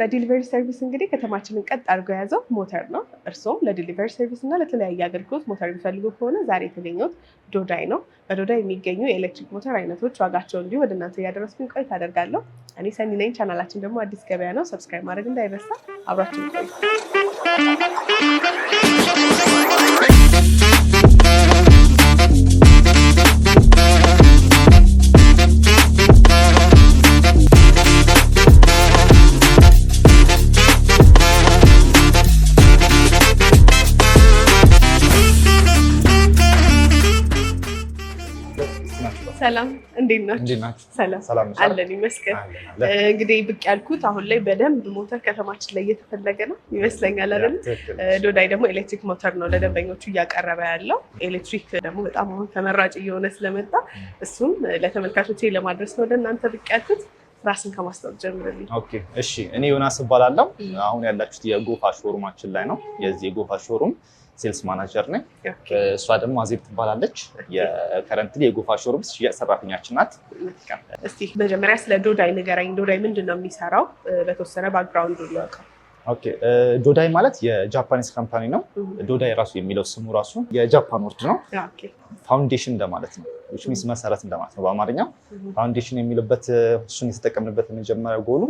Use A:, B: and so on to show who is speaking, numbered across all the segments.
A: በዲሊቨሪ ሰርቪስ እንግዲህ ከተማችንን ቀጥ አድርገው የያዘው ሞተር ነው። እርስዎም ለዲሊቨሪ ሰርቪስ እና ለተለያየ አገልግሎት ሞተር የሚፈልጉ ከሆነ ዛሬ የተገኘሁት ዶዳይ ነው። በዶዳይ የሚገኙ የኤሌክትሪክ ሞተር አይነቶች ዋጋቸው እንዲሁ ወደ እናንተ እያደረስኩኝ ቆይታ አደርጋለሁ። እኔ ሰኒ ነኝ። ቻናላችን ደግሞ አዲስ ገበያ ነው። ሰብስክራይብ ማድረግ እንዳይረሳ። አብራችን ቆይ ሰላም እንዴት ናችሁ? ሰላም አለን ይመስገን። እንግዲህ ብቅ ያልኩት አሁን ላይ በደንብ ሞተር ከተማችን ላይ እየተፈለገ ነው ይመስለኛል አይደል? ዶዳይ ደግሞ ኤሌክትሪክ ሞተር ነው ለደንበኞቹ እያቀረበ ያለው። ኤሌክትሪክ ደግሞ በጣም አሁን ተመራጭ እየሆነ ስለመጣ እሱም ለተመልካቾች ለማድረስ ነው ወደ እናንተ ብቅ ያልኩት። ራስን ከማስታወቅ ጀምርልኝ።
B: ኦኬ እሺ፣ እኔ ዮናስ እባላለሁ። አሁን ያላችሁት የጎፋ ሾሩማችን ላይ ነው። የዚህ የጎፋ ሾሩም ሴልስ ማናጀር ነኝ። እሷ ደግሞ አዜብ ትባላለች። የከረንት የጎፋ ሾሩም ሽያጭ ሰራተኛችን ናት።
A: እስቲ መጀመሪያ ስለ ዶዳይ ንገረኝ። ዶዳይ ምንድን ነው የሚሰራው? በተወሰነ ባክግራውንድ እንወቀው።
B: ዶዳይ ማለት የጃፓኒዝ ካምፓኒ ነው። ዶዳይ ራሱ የሚለው ስሙ ራሱ የጃፓን ወርድ ነው። ፋውንዴሽን እንደማለት ነው። ሚስ መሰረት እንደማለት ነው በአማርኛው። ፋውንዴሽን የሚልበት እሱን የተጠቀምንበት የመጀመሪያ ጎሉ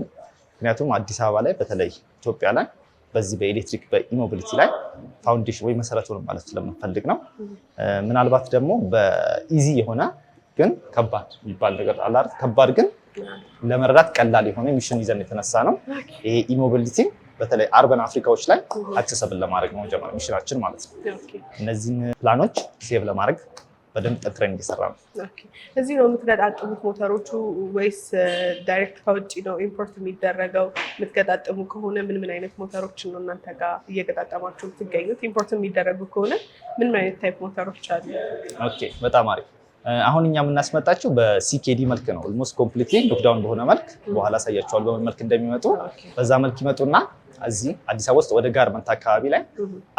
B: ምክንያቱም አዲስ አበባ ላይ በተለይ ኢትዮጵያ ላይ በዚህ በኤሌክትሪክ በኢሞቢሊቲ ላይ ፋውንዴሽን ወይ መሰረት ሆኖ ማለት ስለምንፈልግ ነው። ምናልባት ደግሞ በኢዚ የሆነ ግን ከባድ የሚባል ነገር አለ። ከባድ ግን ለመረዳት ቀላል የሆነ ሚሽን ይዘን የተነሳ ነው። ይሄ ኢሞቢሊቲ በተለይ አርበን አፍሪካዎች ላይ አክሰሰብን ለማድረግ ነው ሚሽናችን ማለት ነው። እነዚህን ፕላኖች ሴቭ ለማድረግ በደንብ ጠንክረን እየሰራ ነው።
A: እዚህ ነው የምትገጣጥሙት ሞተሮቹ ወይስ ዳይሬክት ከውጭ ነው ኢምፖርት የሚደረገው? የምትገጣጠሙ ከሆነ ምን ምን አይነት ሞተሮችን ነው እናንተ ጋር እየገጣጠማችሁ የምትገኙት? ኢምፖርት የሚደረጉ ከሆነ ምን ምን አይነት ታይፕ ሞተሮች አሉ?
B: ኦኬ፣ በጣም አሪፍ። አሁን እኛ የምናስመጣችው በሲኬዲ መልክ ነው። ኦልሞስት ኮምፕሊት ኖክዳውን በሆነ መልክ በኋላ አሳያቸዋል በምን መልክ እንደሚመጡ በዛ መልክ ይመጡና እዚህ አዲስ አበባ ውስጥ ወደ ጋርመንት አካባቢ ላይ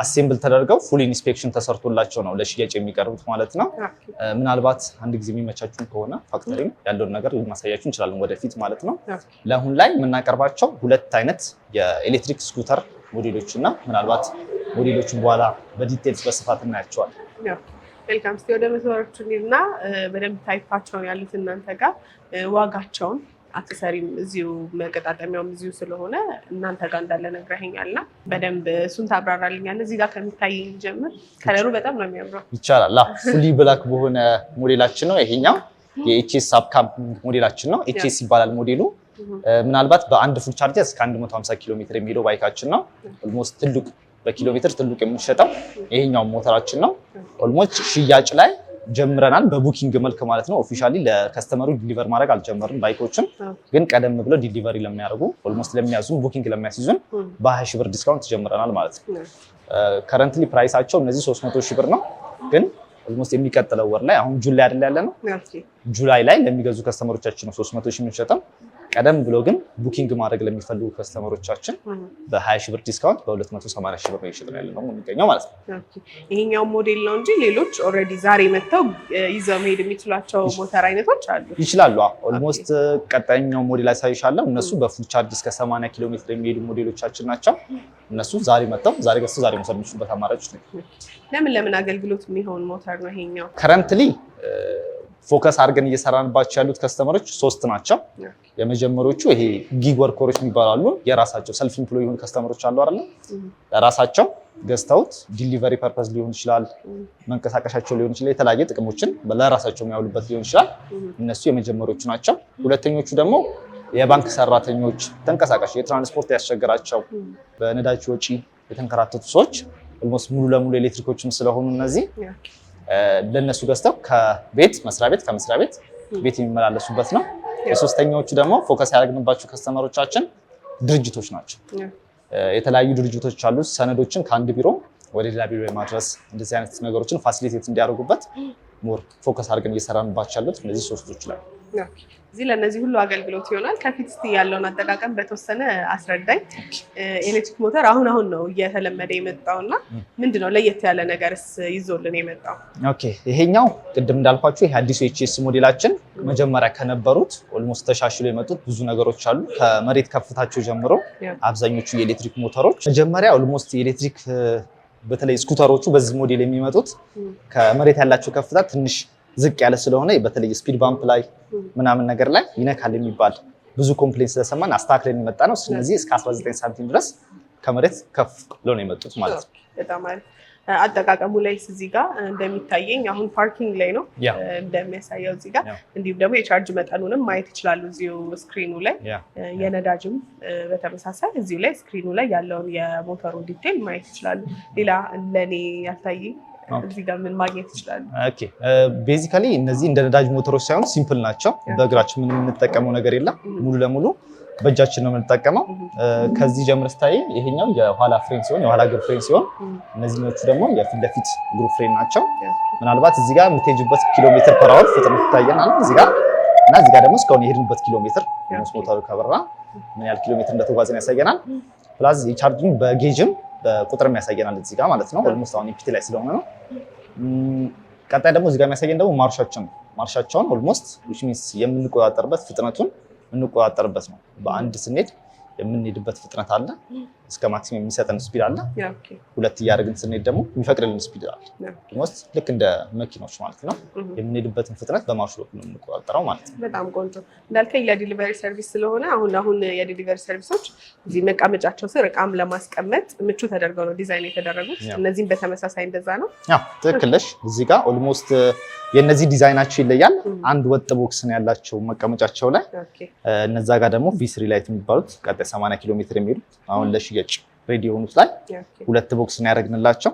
B: አሴምብል ተደርገው ፉል ኢንስፔክሽን ተሰርቶላቸው ነው ለሽያጭ የሚቀርቡት ማለት ነው። ምናልባት አንድ ጊዜ የሚመቻችሁን ከሆነ ፋክተሪም ያለውን ነገር ልናሳያችሁ እንችላለን ወደፊት ማለት ነው። ለአሁን ላይ የምናቀርባቸው ሁለት አይነት የኤሌክትሪክ ስኩተር ሞዴሎች እና ምናልባት ሞዴሎችን በኋላ በዲቴልስ በስፋት እናያቸዋል።
A: መልካም። እስኪ ወደ መስመሮቹ እንሂድና በደንብ ታይፓቸውን ያሉት እናንተ ጋር ዋጋቸውን አክሰሰሪም እዚሁ መገጣጠሚያውም እዚሁ ስለሆነ እናንተ ጋር እንዳለ ነግረኸኛል እና በደንብ እሱን ታብራራልኛለህ። እዚህ ጋር ከሚታየኝ ጀምር ከለሩ በጣም ነው የሚያምረው።
B: ይቻላል ፉሊ ብላክ በሆነ ሞዴላችን ነው ይሄኛው የኤችኤስ ሳብካምፕ ሞዴላችን ነው። ኤችኤስ ይባላል ሞዴሉ። ምናልባት በአንድ ፉል ቻርጀር እስከ 150 ኪሎ ሜትር የሚሄደው ባይካችን ነው። ኦልሞስት ትልቅ በኪሎ ሜትር ትልቅ የምንሸጠው ይሄኛው ሞተራችን ነው። ኦልሞስት ሽያጭ ላይ ጀምረናል፣ በቡኪንግ መልክ ማለት ነው። ኦፊሻሊ ለከስተመሩ ዲሊቨር ማድረግ አልጀመርም። ባይኮችም፣ ግን ቀደም ብሎ ዲሊቨሪ ለሚያደርጉ ኦልሞስት ለሚያዙ ቡኪንግ ለሚያስይዙን በሀያ ሺ ብር ዲስካውንት ጀምረናል ማለት ነው። ከረንትሊ ፕራይሳቸው እነዚህ ሶስት መቶ ሺ ብር ነው ግን ኦልሞስት የሚቀጥለው ወር ላይ አሁን ጁላይ አይደለ ያለ ነው ጁላይ ላይ ለሚገዙ ከስተመሮቻችን ነው መቶ ሺ የምንሸጠው። ቀደም ብሎ ግን ቡኪንግ ማድረግ ለሚፈልጉ ከስተመሮቻችን በ20 ሺህ ብር ዲስካውንት በ280 ሺህ ብር እየሸጥን ያለ ነው የሚገኘው ማለት ነው።
A: ይሄኛው ሞዴል ነው እንጂ ሌሎች ኦልሬዲ ዛሬ መጥተው ይዘው መሄድ የሚችሏቸው ሞተር አይነቶች አሉ
B: ይችላሉ። ኦልሞስት ቀጣይኛው ሞዴል አሳይሻለሁ። እነሱ በፉል ቻርጅ እስከ 80 ኪሎ ሜትር የሚሄዱ ሞዴሎቻችን ናቸው። እነሱ ዛሬ መጥተው ዛሬ ገዝተው ዛሬ መውሰድ የሚችሉበት አማራጮች ነው።
A: ለምን ለምን አገልግሎት የሚሆን ሞተር ነው ይሄኛው
B: ከረንትሊ ፎከስ አድርገን እየሰራንባቸው ያሉት ከስተመሮች ሶስት ናቸው። የመጀመሪዎቹ ይሄ ጊግ ወርከሮች የሚባላሉ የራሳቸው ሰልፍ ኢምፕሎይ የሆኑ ከስተመሮች አሉ አለ mm-hmm. ለራሳቸው ገዝተውት ዲሊቨሪ ፐርፐስ ሊሆን ይችላል፣ mm-hmm. መንቀሳቀሻቸው ሊሆን ይችላል፣ የተለያየ ጥቅሞችን ለራሳቸው የሚያውሉበት ሊሆን ይችላል። mm-hmm. እነሱ የመጀመሪዎቹ ናቸው። ሁለተኞቹ ደግሞ የባንክ ሰራተኞች፣ ተንቀሳቃሽ የትራንስፖርት ያስቸገራቸው፣ በነዳጅ ወጪ የተንከራተቱ ሰዎች ኦልሞስት ሙሉ ለሙሉ ኤሌክትሪኮችም ስለሆኑ እነዚህ ለነሱ ገዝተው ከቤት መስሪያ ቤት ከመስሪያ ቤት ቤት የሚመላለሱበት ነው። የሶስተኛዎቹ ደግሞ ፎከስ ያደረግንባቸው ከስተመሮቻችን ድርጅቶች ናቸው። የተለያዩ ድርጅቶች አሉ። ሰነዶችን ከአንድ ቢሮ ወደ ሌላ ቢሮ የማድረስ እንደዚህ አይነት ነገሮችን ፋሲሊቴት እንዲያደርጉበት ሞር ፎከስ አድርገን እየሰራንባቸው ያሉት እነዚህ ሶስቶች ላይ
A: እዚህ ለእነዚህ ሁሉ አገልግሎት ይሆናል። ከፊት እስኪ ያለውን አጠቃቀም በተወሰነ አስረዳኝ። ኤሌክትሪክ ሞተር አሁን አሁን ነው እየተለመደ የመጣው እና ምንድነው ለየት ያለ ነገርስ ይዞልን የመጣው?
B: ኦኬ ይሄኛው ቅድም እንዳልኳችሁ ይሄ አዲሱ ኤችኤስ ሞዴላችን መጀመሪያ ከነበሩት ኦልሞስት ተሻሽሎ የመጡት ብዙ ነገሮች አሉ። ከመሬት ከፍታቸው ጀምሮ አብዛኞቹ የኤሌክትሪክ ሞተሮች መጀመሪያ ኦልሞስት የኤሌክትሪክ በተለይ ስኩተሮቹ በዚህ ሞዴል የሚመጡት ከመሬት ያላቸው ከፍታ ትንሽ ዝቅ ያለ ስለሆነ በተለይ ስፒድ ባምፕ ላይ ምናምን ነገር ላይ ይነካል የሚባል ብዙ ኮምፕሌን ስለሰማን አስተካክለን የመጣ ነው። ስለዚህ እስከ 19 ሳንቲም ድረስ ከመሬት ከፍ ብሎ ነው የመጡት ማለት ነው።
A: በጣም አሪፍ አጠቃቀሙ ላይ እዚህ ጋር እንደሚታየኝ አሁን ፓርኪንግ ላይ ነው እንደሚያሳየው እዚህ ጋር እንዲሁም ደግሞ የቻርጅ መጠኑንም ማየት ይችላሉ። እዚሁ ስክሪኑ ላይ የነዳጅም በተመሳሳይ እዚሁ ላይ ስክሪኑ ላይ ያለውን የሞተሩ ዲቴል ማየት ይችላሉ። ሌላ ለእኔ ያልታየኝ እዚህ ጋር ምን ማግኘት ይችላሉ?
B: ቤዚካሊ እነዚህ እንደ ነዳጅ ሞተሮች ሳይሆኑ ሲምፕል ናቸው። በእግራችን ምንም የምንጠቀመው ነገር የለም። ሙሉ ለሙሉ በእጃችን ነው የምንጠቀመው። ከዚህ ጀምር ስታይ ይሄኛው የኋላ ፍሬን ሲሆን የኋላ እግር ፍሬን ሲሆን፣ እነዚህኞቹ ደግሞ የፊት ለፊት እግሩ ፍሬን ናቸው። ምናልባት እዚህ ጋር የምትሄጅበት ኪሎ ሜትር ፐር አወር ፍጥነት ይታየናል እዚህ ጋር እና እዚህ ጋር ደግሞ እስካሁን የሄድንበት ኪሎ ሜትር ሞተሩ ከበራ ምን ያህል ኪሎ ሜትር እንደተጓዘን ያሳየናል። ፕላስ የቻርጅን በጌጅም በቁጥርም ያሳየናል እዚህ ጋር ማለት ነው። ኦልሞስት አሁን ኢፒቲ ላይ ስለሆነ ነው ቀጣይ ደግሞ እዚጋ የሚያሳየን ደግሞ ማርሻችን ነው። ማርሻቸውን ኦልሞስት ዊች ሚንስ የምንቆጣጠርበት ፍጥነቱን የምንቆጣጠርበት ነው። በአንድ ስንሄድ የምንሄድበት ፍጥነት አለ እስከ ማክሲም የሚሰጠን ስፒድ አለ። ሁለት እያደረግን ስንሄድ ደግሞ የሚፈቅድልን ስፒድ አለ። ስ ልክ እንደ መኪኖች ማለት ነው። የምንሄድበትን ፍጥነት በማሽሎክ ነው የምንቆጣጠረው ማለት
A: ነው። በጣም ቆንጆ እንዳልከኝ የዲሊቨሪ ሰርቪስ ስለሆነ አሁን አሁን የዲሊቨሪ ሰርቪሶች እዚህ መቀመጫቸው ስር እቃም ለማስቀመጥ ምቹ ተደርገው ነው ዲዛይን የተደረጉት። እነዚህም በተመሳሳይ እንደዛ ነው።
B: ትክክል ነሽ። እዚህ ጋር ኦልሞስት የእነዚህ ዲዛይናቸው ይለያል። አንድ ወጥ ቦክስ ነው ያላቸው መቀመጫቸው ላይ። እነዛ ጋር ደግሞ ቪስሪ ላይት የሚባሉት ቀጣይ 80 ኪሎ ሜትር የሚሄዱት አሁን ለሽያጭ ሽያጭ ሬዲ ውስጥ ላይ ሁለት ቦክስ ነው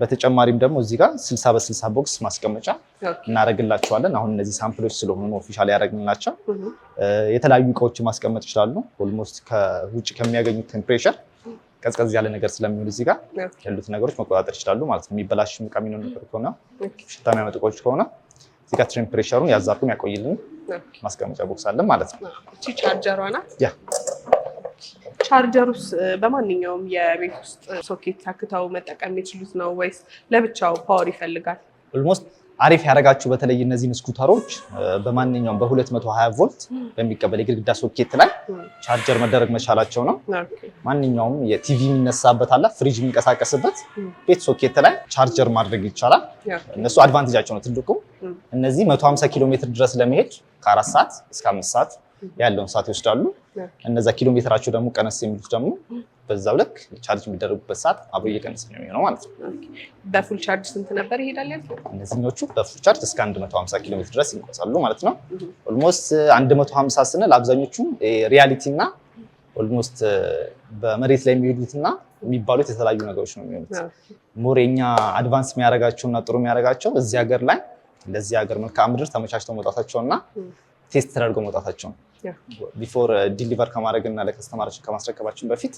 B: በተጨማሪም ደግሞ እዚህ ጋር ስልሳ በስልሳ ቦክስ ማስቀመጫ እናደረግላቸዋለን። አሁን እነዚህ ሳምፕሎች ስለሆኑ ኦፊሻል ያደረግንላቸው የተለያዩ እቃዎች ማስቀመጥ ይችላሉ። ኦልሞስት ከውጭ ከሚያገኙት ቴምፕሬቸር ቀዝቀዝ ያለ ነገር ስለሚሆን እዚህ ጋር ያሉት ነገሮች መቆጣጠር ይችላሉ ማለት ነው። የሚበላሽ ዕቃ የሚሆን ነገር ከሆነ ሽታ የሚያመጡ እቃዎች ከሆነ እዚህ ጋር ቴምፕሬቸሩን ያዛርኩም ያቆይልን ማስቀመጫ ቦክስ አለን ማለት ነው።
A: ቻርጀሯ ናት ቻርጀሩስ በማንኛውም የቤት ውስጥ ሶኬት ታክተው መጠቀም የሚችሉት ነው ወይስ ለብቻው ፓወር ይፈልጋል?
B: ኦልሞስት አሪፍ ያደረጋችሁ በተለይ እነዚህን ስኩተሮች በማንኛውም በ220 ቮልት በሚቀበል የግድግዳ ሶኬት ላይ ቻርጀር መደረግ መቻላቸው ነው። ማንኛውም የቲቪ የሚነሳበት አለ፣ ፍሪጅ የሚንቀሳቀስበት ቤት ሶኬት ላይ ቻርጀር ማድረግ ይቻላል። እነሱ አድቫንቴጃቸው ነው ትልቁ። እነዚህ 150 ኪሎ ሜትር ድረስ ለመሄድ ከአራት ሰዓት እስከ አምስት ሰዓት ያለውን ሰዓት ይወስዳሉ። እነዛ ኪሎ ሜትራቸው ደግሞ ቀነስ የሚሉት ደግሞ በዛው ልክ ቻርጅ የሚደረጉበት ሰዓት አብሮ እየቀነሰ ነው የሚሆነው ማለት ነው።
A: በፉል ቻርጅ ስንት ነበር ይሄዳል?
B: እነዚህኞቹ በፉል ቻርጅ እስከ 150 ኪሎ ሜትር ድረስ ይንቀሳሉ ማለት ነው። ኦልሞስት 150 ስንል አብዛኞቹ ሪያሊቲ እና ኦልሞስት በመሬት ላይ የሚሄዱትና የሚባሉት የተለያዩ ነገሮች ነው የሚሆኑት። ሞር የኛ አድቫንስ የሚያደርጋቸው እና ጥሩ የሚያደርጋቸው እዚህ ሀገር ላይ ለዚህ ሀገር መልክዓ ምድር ተመቻችተው መውጣታቸው እና ቴስት ተደርጎ መውጣታቸው ነው። ቢፎር ዲሊቨር ከማድረግና ለከስተማራችን ከማስረከባችን በፊት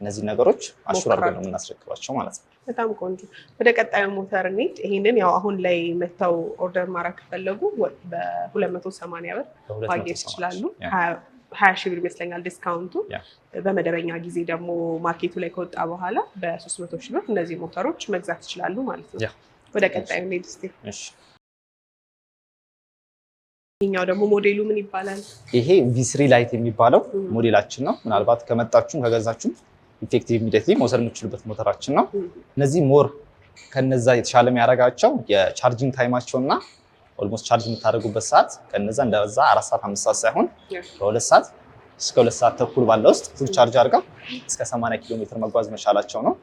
B: እነዚህ ነገሮች አሹር አድርገን ነው የምናስረክባቸው ማለት ነው።
A: በጣም ቆንጆ። ወደ ቀጣዩ ሞተር እንሂድ። ይህንን ያው አሁን ላይ መጥተው ኦርደር ማድረግ ከፈለጉ በ280 ብር ማግኘት ይችላሉ። ሀያ ሺህ ብር ይመስለኛል ዲስካውንቱ። በመደበኛ ጊዜ ደግሞ ማርኬቱ ላይ ከወጣ በኋላ በ300 ሺህ ብር እነዚህ ሞተሮች መግዛት ይችላሉ ማለት ነው። ወደ ቀጣዩ እንሂድ እስኪ። ይሄኛው ደግሞ ሞዴሉ ምን ይባላል?
B: ይሄ ቪስሪ ላይት የሚባለው ሞዴላችን ነው። ምናልባት ከመጣችሁም ከገዛችሁም ኢፌክቲቭ ኢሚዲየትሊ መውሰድ የምችሉበት ሞተራችን ነው። እነዚህ ሞር ከነዛ የተሻለ የሚያደርጋቸው የቻርጅንግ ታይማቸው እና ኦልሞስት ቻርጅ የምታደርጉበት ሰዓት ከነዛ እንደዛ አራት ሰዓት አምስት ሰዓት ሳይሆን በሁለት ሰዓት እስከ ሁለት ሰዓት ተኩል ባለ ውስጥ ፉል ቻርጅ አድርገው እስከ 80 ኪሎ ሜትር መጓዝ መቻላቸው ነው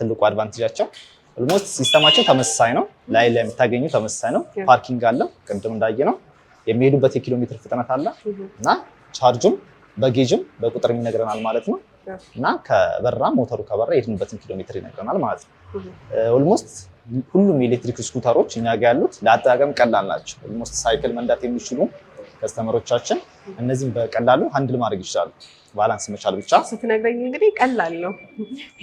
B: ትልቁ አድቫንቴጃቸው። ኦልሞስት ሲስተማቸው ተመሳሳይ ነው። ላይ ላይ የምታገኙ ተመሳሳይ ነው። ፓርኪንግ አለው ቅድም እንዳየ ነው። የሚሄዱበት የኪሎ ሜትር ፍጥነት አለ እና ቻርጅም በጌጅም በቁጥር ይነግረናል ማለት ነው እና ከበራ ሞተሩ ከበራ የሄድንበትን ኪሎ ሜትር ይነግረናል ማለት ነው። ኦልሞስት ሁሉም የኤሌክትሪክ ስኩተሮች እኛ ጋ ያሉት ለአጠቃቀም ቀላል ናቸው። ኦልሞስት ሳይክል መንዳት የሚችሉ ከስተመሮቻችን እነዚህም በቀላሉ ሀንድል ማድረግ ይችላሉ። ባላንስ መቻል ብቻ
A: ስትነግረኝ እንግዲህ ቀላል ነው።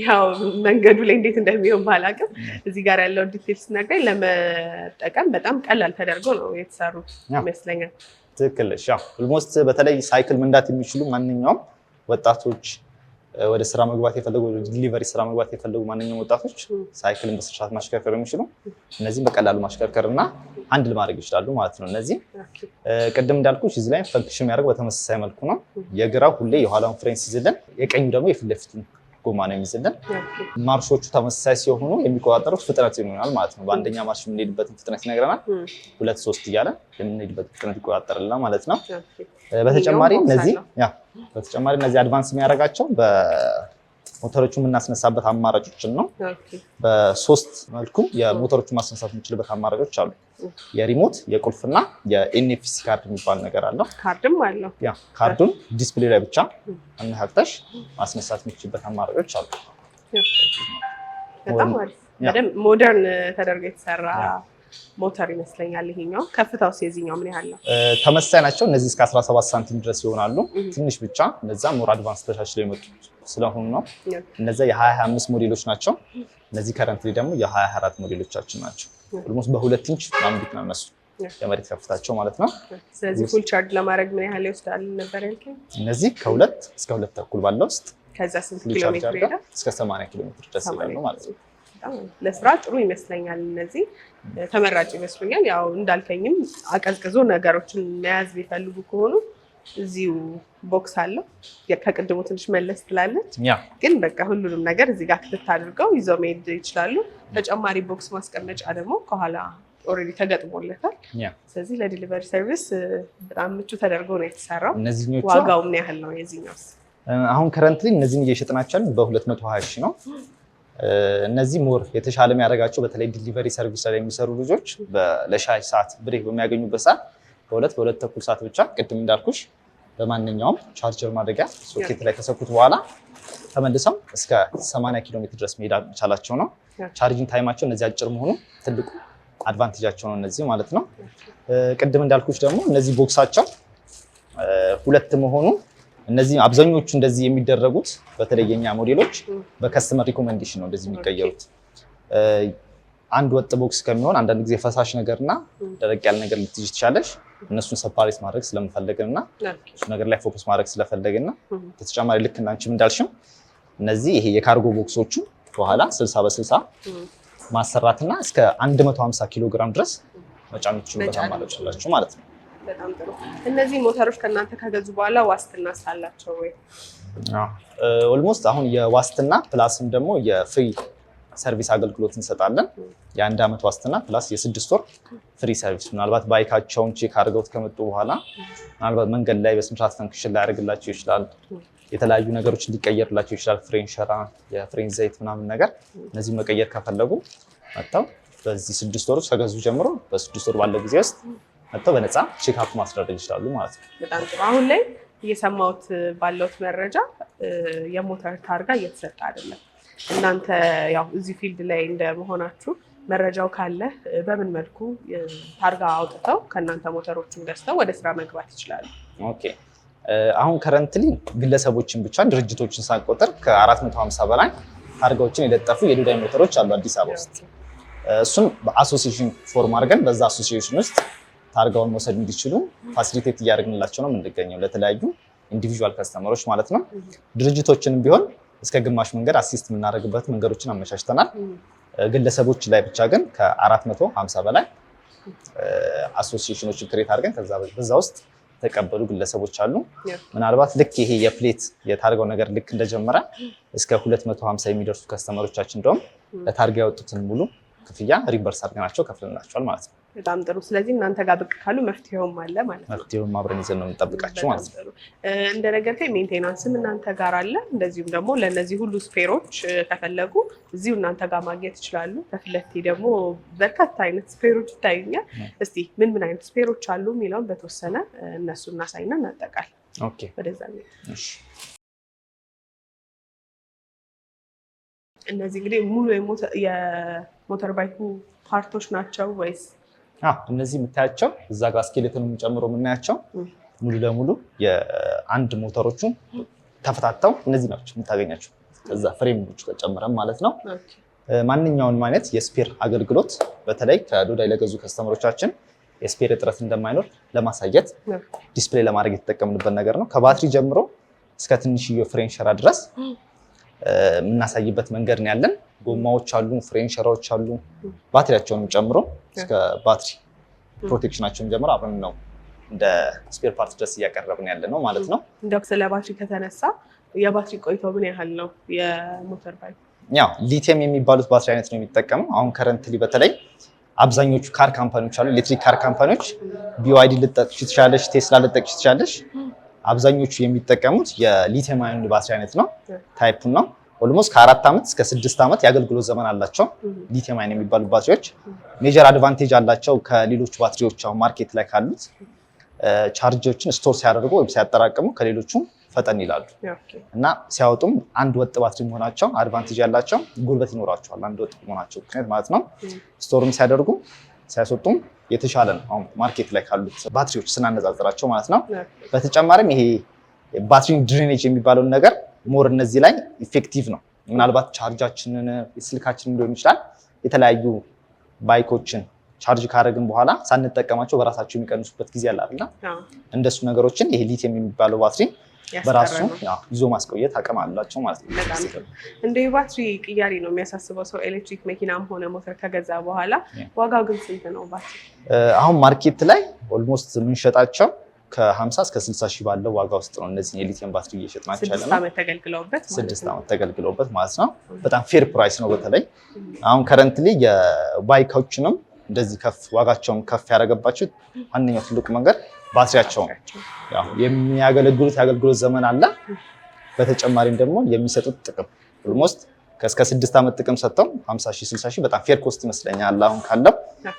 A: ያው መንገዱ ላይ እንዴት እንደሚሆን ባላቅም እዚህ ጋር ያለውን ዲቴል ስትነግረኝ ለመጠቀም በጣም ቀላል ተደርጎ ነው የተሰሩት ይመስለኛል።
B: ትክክል ኦልሞስት በተለይ ሳይክል መንዳት የሚችሉ ማንኛውም ወጣቶች ወደ ስራ መግባት የፈለጉ ዲሊቨሪ ስራ መግባት የፈለጉ ማንኛውም ወጣቶች ሳይክልን በስርዓት ማሽከርከር የሚችሉ እነዚህም በቀላሉ ማሽከርከር እና አንድ ማድረግ ይችላሉ ማለት ነው። እነዚህም ቅድም እንዳልኩ እዚህ ላይ ፈንክሽን የሚያደርግ በተመሳሳይ መልኩ ነው። የግራው ሁሌ የኋላውን ፍሬን ሲዝልን፣ የቀኙ ደግሞ የፊት ለፊቱን ጎማ ነው የሚዝልን። ማርሾቹ ተመሳሳይ ሲሆኑ የሚቆጣጠሩት ፍጥነት ይሆናል ማለት ነው። በአንደኛ ማርሽ የምንሄድበትን ፍጥነት ይነግረናል። ሁለት ሶስት እያለ የምንሄድበት ፍጥነት ይቆጣጠርልናል ማለት ነው። በተጨማሪ እነዚህ በተጨማሪ እነዚህ አድቫንስ የሚያደርጋቸው በሞተሮቹ የምናስነሳበት አማራጮችን ነው። በሶስት መልኩ የሞተሮቹ ማስነሳት የሚችልበት አማራጮች አሉ። የሪሞት የቁልፍና የኤንኤፍሲ ካርድ የሚባል ነገር አለው።
A: ካርድም አለው።
B: ያ ካርዱን ዲስፕሌይ ላይ ብቻ አነካክተሽ ማስነሳት የምችልበት አማራጮች አሉ።
A: በጣም ሞደርን ተደርጎ የተሰራ ሞተር ይመስለኛል ይሄኛው። ከፍታው የዚህኛው ምን ያህል ነው?
B: ተመሳሳይ ናቸው እነዚህ እስከ 17 ሳንቲም ድረስ ይሆናሉ። ትንሽ ብቻ እነዛ ሞር አድቫንስ ተሻሽለው የመጡ ስለሆኑ ነው። እነዛ የ25 ሞዴሎች ናቸው። እነዚህ ከረንት ደግሞ የ24 ሞዴሎቻችን ናቸው። ኦልሞስት በሁለት ኢንች ማምቢት ነው እነሱ የመሬት ከፍታቸው ማለት ነው።
A: ስለዚህ ፉል ቻርጅ ለማድረግ ምን ያህል ይወስዳል ነበር ያልከኝ?
B: እነዚህ ከሁለት እስከ ሁለት ተኩል ባለው ውስጥ
A: ከዛ ስንት ኪሎ ሜትር ይሄዳል?
B: እስከ 80 ኪሎ ሜትር ድረስ ይሄዳሉ ማለት
A: ነው። በጣም ለስራ ጥሩ ይመስለኛል። እነዚህ ተመራጭ ይመስሉኛል። ያው እንዳልከኝም አቀዝቅዞ ነገሮችን መያዝ ቢፈልጉ ከሆኑ እዚሁ ቦክስ አለው። ከቅድሙ ትንሽ መለስ ትላለች፣ ግን በቃ ሁሉንም ነገር እዚህ ጋር ክትት አድርገው ይዘው መሄድ ይችላሉ። ተጨማሪ ቦክስ ማስቀመጫ ደግሞ ከኋላ ኦልሬዲ ተገጥሞለታል። ስለዚህ ለዲሊቨሪ ሰርቪስ በጣም ምቹ ተደርጎ ነው የተሰራው። ዋጋው ምን ያህል ነው የዚህኛውስ?
B: አሁን ከረንትሊ እነዚህን እየሸጥናቸው በሁለት ሺህ ነው እነዚህ ሞር የተሻለ የሚያደርጋቸው በተለይ ዲሊቨሪ ሰርቪስ ላይ የሚሰሩ ልጆች ለሻይ ሰዓት ብሬክ በሚያገኙበት ሰዓት በሁለት በሁለት ተኩል ሰዓት ብቻ ቅድም እንዳልኩሽ በማንኛውም ቻርጀር ማድረጊያ ሶኬት ላይ ከሰኩት በኋላ ተመልሰው እስከ 80 ኪሎ ሜትር ድረስ መሄድ መቻላቸው ነው። ቻርጅን ታይማቸው እነዚህ አጭር መሆኑ ትልቁ አድቫንቴጃቸው ነው፣ እነዚህ ማለት ነው። ቅድም እንዳልኩች ደግሞ እነዚህ ቦክሳቸው ሁለት መሆኑ እነዚህ አብዛኞቹ እንደዚህ የሚደረጉት በተለይ የኛ ሞዴሎች በከስተመር ሪኮመንዴሽን ነው እንደዚህ የሚቀየሩት። አንድ ወጥ ቦክስ ከሚሆን አንዳንድ ጊዜ ፈሳሽ ነገርና ደረቅ ያለ ነገር ልትይዥ ትችላለሽ። እነሱን ሰፓሬት ማድረግ ስለምፈለግንና እሱ ነገር ላይ ፎከስ ማድረግ ስለፈለግና በተጨማሪ ልክ እናንቺም እንዳልሽም እነዚህ ይሄ የካርጎ ቦክሶቹ በኋላ 60 በ60 ማሰራትና እስከ 150 ኪሎ ግራም ድረስ መጫኖችን በጣም ማለት ነው።
A: በጣም ጥሩ። እነዚህ ሞተሮች ከእናንተ ከገዙ በኋላ ዋስትና ሳላቸው ወይ?
B: ኦልሞስት አሁን የዋስትና ፕላስም ደግሞ የፍሪ ሰርቪስ አገልግሎት እንሰጣለን። የአንድ ዓመት ዋስትና ፕላስ የስድስት ወር ፍሪ ሰርቪስ። ምናልባት ባይካቸውን ቼክ አድርገውት ከመጡ በኋላ ምናልባት መንገድ ላይ በስንት ሰዓት ፈንክሽን ላያደርግላቸው ይችላል። የተለያዩ ነገሮች ሊቀየርላቸው ይችላል። ፍሬን ሸራ፣ የፍሬን ዘይት ምናምን ነገር እነዚህ መቀየር ከፈለጉ መጥተው በዚህ ስድስት ወር ውስጥ ከገዙ ጀምሮ በስድስት ወር ባለው ጊዜ ውስጥ መጥተው በነፃ ቼክአፕ ማስደረግ ይችላሉ ማለት ነው።
A: በጣም ጥሩ። አሁን ላይ እየሰማሁት ባለሁት መረጃ የሞተር ታርጋ እየተሰጠ አይደለም። እናንተ ያው እዚህ ፊልድ ላይ እንደመሆናችሁ መረጃው ካለ በምን መልኩ ታርጋ አውጥተው ከእናንተ ሞተሮችን ገዝተው ወደ ስራ መግባት ይችላሉ?
B: ኦኬ አሁን ከረንትሊ ግለሰቦችን ብቻ ድርጅቶችን ሳቆጠር ከ450 በላይ ታርጋዎችን የለጠፉ የዱዳይ ሞተሮች አሉ አዲስ አበባ ውስጥ። እሱም በአሶሲሽን ፎርም አድርገን በዛ አሶሲሽን ውስጥ ታርጋውን መውሰድ እንዲችሉ ፋሲሊቴት እያደረግንላቸው ነው የምንገኘው ለተለያዩ ኢንዲቪዥዋል ከስተመሮች ማለት ነው። ድርጅቶችንም ቢሆን እስከ ግማሽ መንገድ አሲስት የምናደርግበት መንገዶችን አመቻችተናል። ግለሰቦች ላይ ብቻ ግን ከ450 በላይ አሶሲዬሽኖችን ክሬት አድርገን በዛ ውስጥ የተቀበሉ ግለሰቦች አሉ። ምናልባት ልክ ይሄ የፕሌት የታርጋው ነገር ልክ እንደጀመረ እስከ 250 የሚደርሱ ከስተመሮቻችን እንደውም ለታርጋ ያወጡትን ሙሉ ክፍያ ሪቨርስ አድርገናቸው ከፍለናቸዋል ማለት ነው።
A: በጣም ጥሩ። ስለዚህ እናንተ ጋር ብቅ ካሉ መፍትሄውም አለ ማለት
B: ነው። መፍትሄውም አብረን ይዘን ነው የምንጠብቃቸው ማለት ነው።
A: እንደነገርከኝ ሜንቴናንስም እናንተ ጋር አለ። እንደዚሁም ደግሞ ለእነዚህ ሁሉ ስፔሮች ከፈለጉ እዚሁ እናንተ ጋር ማግኘት ይችላሉ። ከፍለቴ ደግሞ በርካታ አይነት ስፔሮች ይታዩኛል። እስቲ ምን ምን አይነት ስፔሮች አሉ የሚለውን በተወሰነ እነሱ እናሳይና እናጠቃል። ወደዛ እነዚህ እንግዲህ ሙሉ የሞተር ባይኩ ፓርቶች ናቸው ወይስ
B: እነዚህ የምታያቸው እዛ ጋር ስኬሌትንም ጨምሮ የምናያቸው ሙሉ ለሙሉ የአንድ ሞተሮቹን ተፈታተው እነዚህ ናቸው የምታገኛቸው ከዛ ፍሬሞቹ ተጨምረን ማለት ነው። ማንኛውንም አይነት የስፔር አገልግሎት በተለይ ከዶዳይ ለገዙ ከስተመሮቻችን የስፔር እጥረት እንደማይኖር ለማሳየት ዲስፕሌይ ለማድረግ የተጠቀምንበት ነገር ነው። ከባትሪ ጀምሮ እስከ ትንሽየ ፍሬን ሸራ ድረስ የምናሳይበት መንገድ ነው ያለን። ጎማዎች አሉ፣ ፍሬን ሸራዎች አሉ፣ ባትሪያቸውንም ጨምሮ እስከ ባትሪ ፕሮቴክሽናቸውን ጀምሮ አብረን ነው እንደ ስፔር ፓርት ድረስ እያቀረብን ያለ ነው ማለት ነው።
A: እንደው ስለ ባትሪ ከተነሳ የባትሪ ቆይታው ምን ያህል ነው? የሞተር ባይክ
B: ያው ሊቲየም የሚባሉት ባትሪ አይነት ነው የሚጠቀመው። አሁን ከረንትሊ በተለይ አብዛኞቹ ካር ካምፓኒዎች አሉ ኤሌክትሪክ ካር ካምፓኒዎች ቢዋይዲ ልጠቅሽ ትችላለሽ፣ ቴስላ ልጠቅሽ ትችላለሽ። አብዛኞቹ የሚጠቀሙት የሊቲየም አዮን ባትሪ አይነት ነው። ታይፑን ነው። ኦልሞስት ከአራት ዓመት እስከ ስድስት ዓመት የአገልግሎት ዘመን አላቸው። ሊቲየም አዮን የሚባሉ ባትሪዎች ሜጀር አድቫንቴጅ አላቸው ከሌሎች ባትሪዎች አሁን ማርኬት ላይ ካሉት ቻርጆችን ስቶር ሲያደርጉ ወይም ሲያጠራቅሙ ከሌሎቹም ፈጠን ይላሉ እና ሲያወጡም አንድ ወጥ ባትሪ መሆናቸው አድቫንቴጅ ያላቸው ጉልበት ይኖራቸዋል። አንድ ወጥ መሆናቸው ምክንያት ማለት ነው ስቶርም ሲያደርጉ ሲያስወጡም የተሻለ ነው። አሁን ማርኬት ላይ ካሉት ባትሪዎች ስናነጻጽራቸው ማለት ነው። በተጨማሪም ይሄ ባትሪ ድሬኔጅ የሚባለውን ነገር ሞር እነዚህ ላይ ኢፌክቲቭ ነው። ምናልባት ቻርጃችንን ስልካችንን ሊሆን ይችላል የተለያዩ ባይኮችን ቻርጅ ካደረግን በኋላ ሳንጠቀማቸው በራሳቸው የሚቀንሱበት ጊዜ አለ አይደል? እንደሱ ነገሮችን ይሄ ሊቲየም የሚባለው ባትሪ በራሱ ይዞ ማስቆየት አቅም አላቸው ማለት ነው።
A: እንደ የባትሪ ቅያሬ ነው የሚያሳስበው ሰው ኤሌክትሪክ መኪናም ሆነ ሞተር ከገዛ በኋላ። ዋጋው ግን ስንት ነው? ባትሪ
B: አሁን ማርኬት ላይ ኦልሞስት የምንሸጣቸው ከ50 እስከ 60 ሺህ ባለው ዋጋ ውስጥ ነው። እነዚህ የሊቲየም ባትሪ እየሸጥ ያለ
A: ዓመት ተገልግለውበት
B: ስድስት ዓመት ተገልግለውበት ማለት ነው። በጣም ፌር ፕራይስ ነው። በተለይ አሁን ከረንትሊ የባይካዎችንም እንደዚህ ከፍ ዋጋቸውን ከፍ ያደረገባቸው ዋነኛው ትልቁ መንገድ ባትሪያቸው የሚያገለግሉት የአገልግሎት ዘመን አለ። በተጨማሪም ደግሞ የሚሰጡት ጥቅም ኦልሞስት እስከ ስድስት ዓመት ጥቅም ሰጥተው 50 60 በጣም ፌር ኮስት ይመስለኛል አሁን ካለው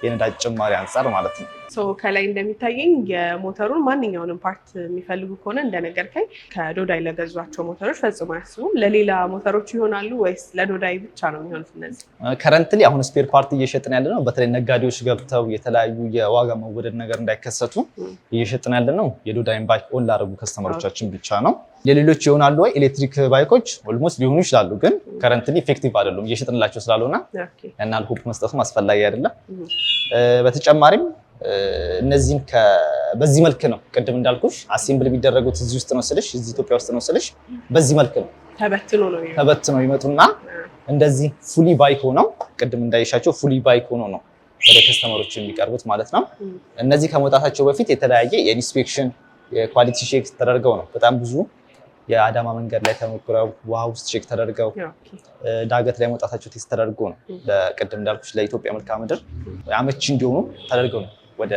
B: የነዳጅ ጭማሪ አንጻር ማለት ነው።
A: ከላይ እንደሚታየኝ የሞተሩን ማንኛውንም ፓርት የሚፈልጉ ከሆነ እንደነገርከኝ ከዶዳይ ለገዟቸው ሞተሮች ፈጽሞ አያስቡም። ለሌላ ሞተሮች ይሆናሉ ወይስ ለዶዳይ ብቻ ነው የሚሆኑት? እነዚህ
B: ከረንትሊ አሁን ስፔር ፓርት እየሸጥን ያለ ነው። በተለይ ነጋዴዎች ገብተው የተለያዩ የዋጋ መወደድ ነገር እንዳይከሰቱ እየሸጥን ያለ ነው። የዶዳይን ባይክ ኦን ላደረጉ ከስተመሮቻችን ብቻ ነው። የሌሎች ይሆናሉ ወይ ኤሌክትሪክ ባይኮች ኦልሞስት ሊሆኑ ይችላሉ፣ ግን ከረንትሊ ኢፌክቲቭ አይደሉም እየሸጥንላቸው ስላልሆነ ያናል ሆፕ መስጠቱም አስፈላጊ አይደለም። በተጨማሪም እነዚህን በዚህ መልክ ነው ቅድም እንዳልኩሽ አሴምብል የሚደረጉት እዚህ ውስጥ ነው ስልሽ እዚህ ኢትዮጵያ ውስጥ ነው ስልሽ በዚህ መልክ ነው ተበትኖ ነው ተበትኖ ይመጡና እንደዚህ ፉሊ ባይክ ሆነው ቅድም እንዳይሻቸው ፉሊ ባይክ ሆኖ ነው ወደ ከስተመሮች የሚቀርቡት ማለት ነው። እነዚህ ከመውጣታቸው በፊት የተለያየ የኢንስፔክሽን የኳሊቲ ሼክ ተደርገው ነው በጣም ብዙ የአዳማ መንገድ ላይ ተሞክረው ውሃ ውስጥ ቼክ ተደርገው ዳገት ላይ መውጣታቸው ቴስት ተደርጎ ነው። ለቅድም እንዳልኩሽ ለኢትዮጵያ መልክዓ ምድር አመቺ እንዲሆኑ ተደርገው ነው ወደ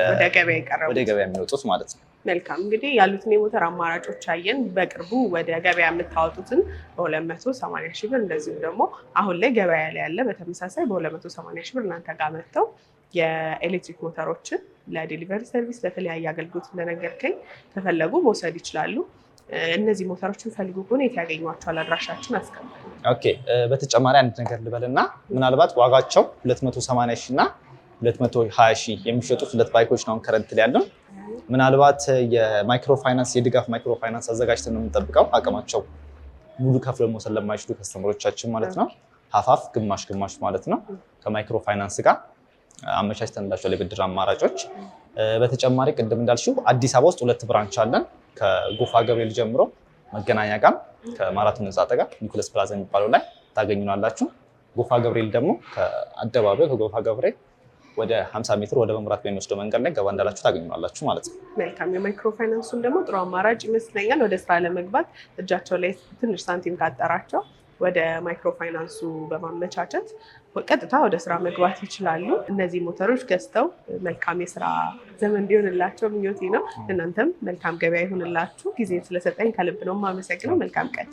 B: ገበያ የሚወጡት ማለት ነው።
A: መልካም እንግዲህ ያሉትን የሞተር አማራጮች አየን። በቅርቡ ወደ ገበያ የምታወጡትን በ280 ሺህ ብር እንደዚሁም ደግሞ አሁን ላይ ገበያ ላይ ያለ በተመሳሳይ በ280 ሺህ ብር እናንተ ጋር መጥተው የኤሌክትሪክ ሞተሮችን ለዴሊቨሪ ሰርቪስ፣ ለተለያየ አገልግሎት እንደነገርከኝ ከፈለጉ መውሰድ ይችላሉ። እነዚህ ሞተሮችን ፈልጉ ከሆነ የት ያገኟቸዋል? አድራሻችን አስቀምጠ።
B: ኦኬ በተጨማሪ አንድ ነገር ልበልና ምናልባት ዋጋቸው 280 ሺህ እና 220 ሺህ የሚሸጡ ሁለት ባይኮች ነው ከረንት ያለን። ምናልባት የማይክሮ ፋይናንስ የድጋፍ ማይክሮ ፋይናንስ አዘጋጅተን ነው የምንጠብቀው። አቅማቸው ሙሉ ከፍለው መውሰድ ለማይችሉ ከስተምሮቻችን ማለት ነው። ሀፋፍ ግማሽ ግማሽ ማለት ነው ከማይክሮ ፋይናንስ ጋር አመቻችተንላቸዋል የብድር አማራጮች። በተጨማሪ ቅድም እንዳልሽው አዲስ አበባ ውስጥ ሁለት ብራንች አለን። ከጎፋ ገብርኤል ጀምሮ መገናኛ ጋር ከማራቶን ህንፃ አጠገብ ኒኮለስ ፕላዛ የሚባለው ላይ ታገኙናላችሁ። ጎፋ ገብርኤል ደግሞ ከአደባባይ ከጎፋ ገብርኤል ወደ 50 ሜትር ወደ መምራት በሚወስደው መንገድ ላይ ገባ እንዳላችሁ ታገኙናላችሁ ማለት ነው።
A: መልካም። የማይክሮ ፋይናንሱን ደግሞ ጥሩ አማራጭ ይመስለኛል። ወደ ስራ ለመግባት እጃቸው ላይ ትንሽ ሳንቲም ካጠራቸው ወደ ማይክሮ ፋይናንሱ በማመቻቸት ቀጥታ ወደ ስራ መግባት ይችላሉ። እነዚህ ሞተሮች ገዝተው መልካም የስራ ዘመን ቢሆንላቸው ምኞቴ ነው። እናንተም መልካም ገበያ ይሆንላችሁ። ጊዜ ስለሰጠኝ ከልብ ነው የማመሰግነው። መልካም ቀን